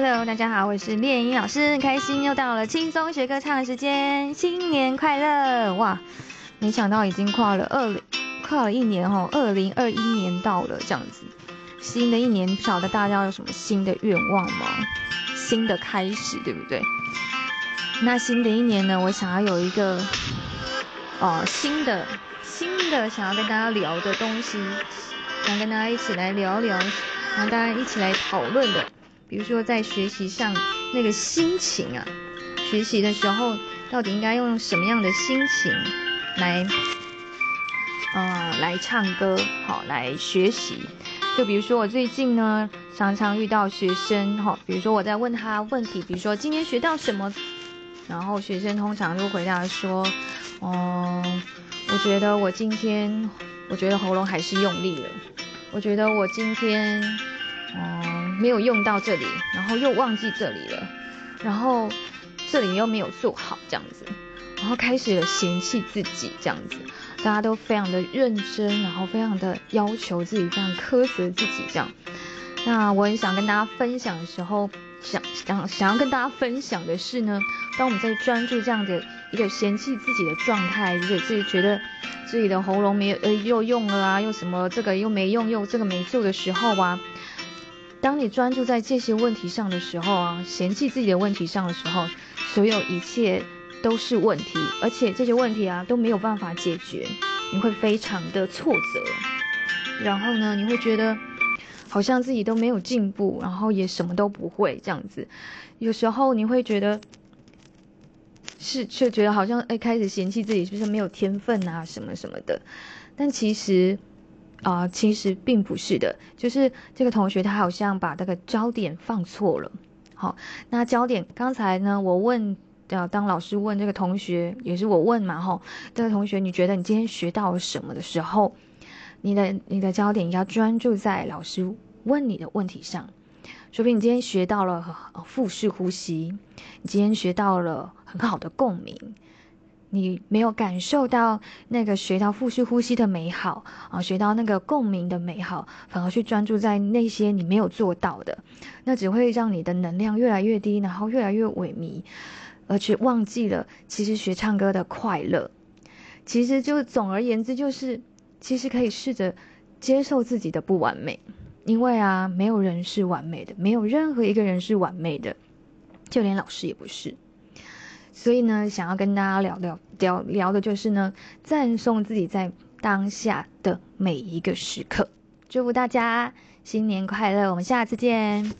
Hello，大家好，我是練英老師，很開心又到了輕鬆學歌唱的時間，新年快樂哇！沒想到已經跨了二零，跨了一年哦，二零二一年到了這樣子，新的一年不曉得大家有什麼新的願望嗎？新的開始對不對？那新的一年呢，我想要有一個哦、呃、新的新的想要跟大家聊的東西，想跟大家一起來聊聊，想跟大家一起來討論的。比如說在學習上那個心情啊，學習的時候到底應該用什麼樣的心情來，呃，來唱歌好，哦，來學習。就比如說我最近呢，常常遇到學生哈，哦，比如說我在問他問題，比如說今天學到什麼，然後學生通常就回答說，嗯，我覺得我今天，我覺得喉嚨還是用力了，我覺得我今天，嗯。沒有用到這裡，然後又忘記這裡了，然後這裡又沒有做好這樣子，然後開始嫌棄自己這樣子，大家都非常的認真，然後非常的要求自己，非常苛責自己這樣。那我很想跟大家分享的時候，想想想要跟大家分享的是呢，當我們在專注這樣的一個嫌棄自己的狀態，就是自己覺得自己的喉嚨沒有呃又用了啊，又什麼這個又沒用，又這個沒做的時候啊。當你專注在這些問題上的時候啊，嫌棄自己的問題上的時候，所有一切都是問題，而且這些問題啊都沒有辦法解決，你會非常的挫折。然後呢，你會覺得好像自己都沒有進步，然後也什麼都不會這樣子。有時候你會覺得是，就覺得好像誒、欸，開始嫌棄自己是不、就是沒有天分啊，什麼什麼的。但其實。啊、呃，其實並不是的，就是這個同學他好像把那個焦點放錯了。好、哦，那焦點剛才呢，我問、呃，當老師問這個同學，也是我問嘛，哈、哦，這、那個同學，你覺得你今天學到了什麼的時候，你的你的焦點要專注在老師問你的問題上。說不定你今天學到了腹式呼吸，你今天學到了很好的共鳴。你沒有感受到那個學到腹式呼吸的美好啊，學到那個共鳴的美好，反而去專注在那些你沒有做到的，那只會讓你的能量越來越低，然後越來越萎靡，而且忘記了其實學唱歌的快樂。其實就總而言之就是，其實可以試着接受自己的不完美，因為啊，沒有人是完美的，沒有任何一個人是完美的，就連老師也不是。所以呢，想要跟大家聊聊聊聊的就是呢，讚頌自己在當下的每一個時刻。祝福大家，新年快樂，我們下次見。